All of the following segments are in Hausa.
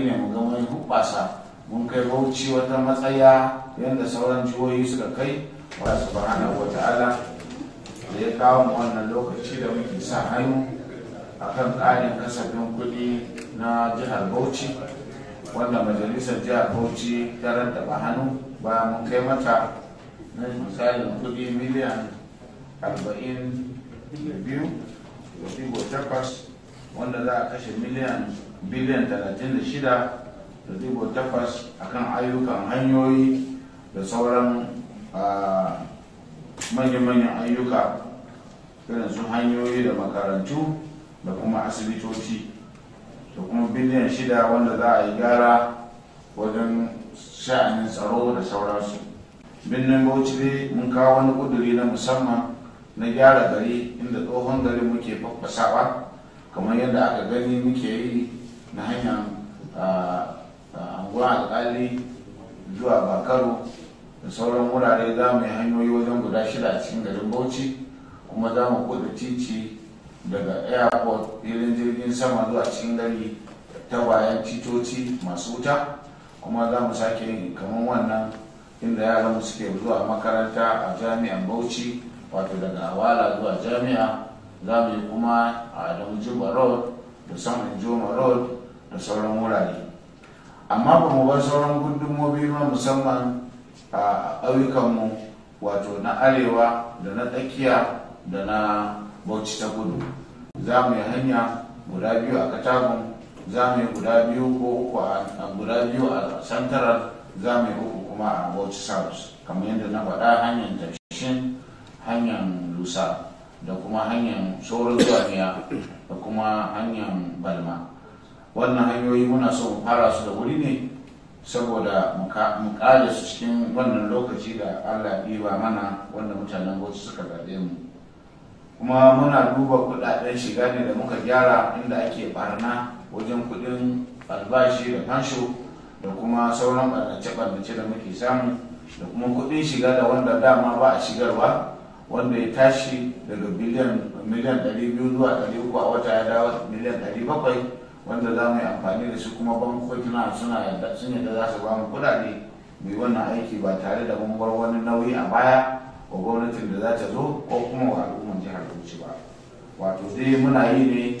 ne mu ga wani hubbasa mun kai bauchi wata matsaya yadda sauran jihohi suka kai wa su bahana wa ta'ala da ya kawo mu wannan lokaci da muke sa hannu a kan tsarin kasafin kuɗi na jihar bauchi wanda majalisar jihar bauchi ta rantaba hannu bayan mun kai mata na misalin kuɗi miliyan arba'in da biyu da wanda za a kashe miliyan biliyan talatin da kan akan ayyukan hanyoyi da sauran manya-manyan ayyuka irin su hanyoyi da makarantu da kuma asibitoci da kuma biliyan shida wanda za a yi gyara wajen sha'anin tsaro da sauransu birnin bauchi ne mun kawo wani kuduri na musamman na gyara gari inda tsohon gari muke fafasawa kamar yadda aka gani muke yi na hanyar anguwa alkali zuwa Bakaru, da sauran wurare za mu yi hanyoyi wajen guda shida a cikin garin bauchi kuma za mu kudu titi daga airport filin jirgin sama zuwa cikin gari ta bayan titoci masu wuta kuma za mu sake yin kamar wannan inda yaran suke zuwa makaranta a jami'an bauchi wato daga awala zuwa jami'a za mu yi kuma a adamu road da saman joma road da sauran wurare amma ba mu bar sauran gundumobi ma musamman a ƙauyukanmu wato na arewa da na tsakiya da na bauchi ta kudu za mu yi hanya guda biyu a katagun za mu yi guda biyu ko uku a guda biyu a santarar za mu yi uku kuma a bauchi south kamar yadda na faɗa hanyar tafshin hanyar lusa da kuma hanyar sauran zuwa da kuma hanyar balma wannan hanyoyi muna so mu fara su da wuri ne saboda mu kada su cikin wannan lokaci da allah ba mana wanda mutanen wasu suka zaɓe mu kuma muna duba kuɗaɗen shiga ne da muka gyara inda ake barna wajen kuɗin albashi da fansho da kuma sauran ɓarnace-ɓarnace da muke samu da kuma kuɗin shiga da wanda dama ba a shigarwa wanda ya tashi daga miliyan 200 zuwa 300 a wata ya dawo miliyan wanda za mu yi amfani da shi kuma bankokina suna yadda sun yadda za su bamu kudade mu yi wannan aiki ba tare da mun bar wani nauyi a baya ko gwamnatin da za ta zo ko kuma wa al'umman jihar Bauchi ba wato dai muna yi ne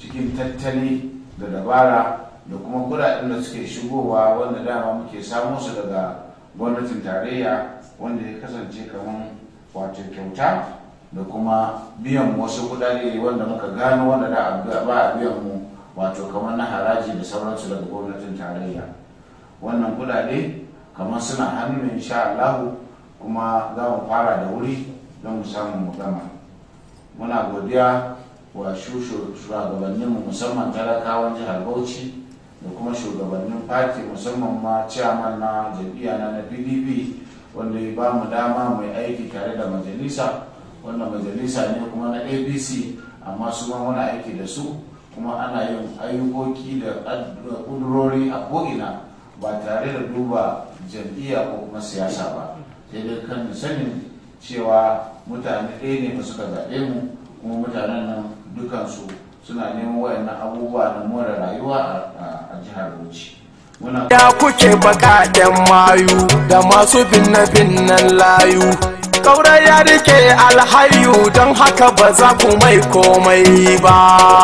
cikin tattali da dabara da kuma kudaden da suke shigowa wanda dama muke samo su daga gwamnatin tarayya wanda ya kasance kamar wato kyauta da kuma biyan wasu kudade wanda muka gano wanda da ba a biyan mu wato kamar na haraji da sauransu daga gwamnatin tarayya wannan kudade kamar suna hannu insha Allah kuma za mu fara da wuri don mu samu mu gama muna godiya wa shugabanninmu musamman talakawan jihar Bauchi da kuma shugabannin fati musamman ma ciyaman na jam'iyya na na pdp wanda ya ba mu dama mai aiki tare da majalisa wanda majalisa ne kuma na abc amma su ma muna aiki da su kuma ana yin ayyukoki da ƙudurori a ko'ina ba tare da duba jam'iyya ko kuma siyasa ba sai dai kan sanin cewa mutane ɗaya ne suka zaɓe mu kuma mutanen nan dukansu suna neman wayan abubuwa na more rayuwa a jihar bauchi ya kuke bakaɗen mayu da masu binne-binnen layu ƙaurar ya rike alhayu don haka ba za ku mai komai ba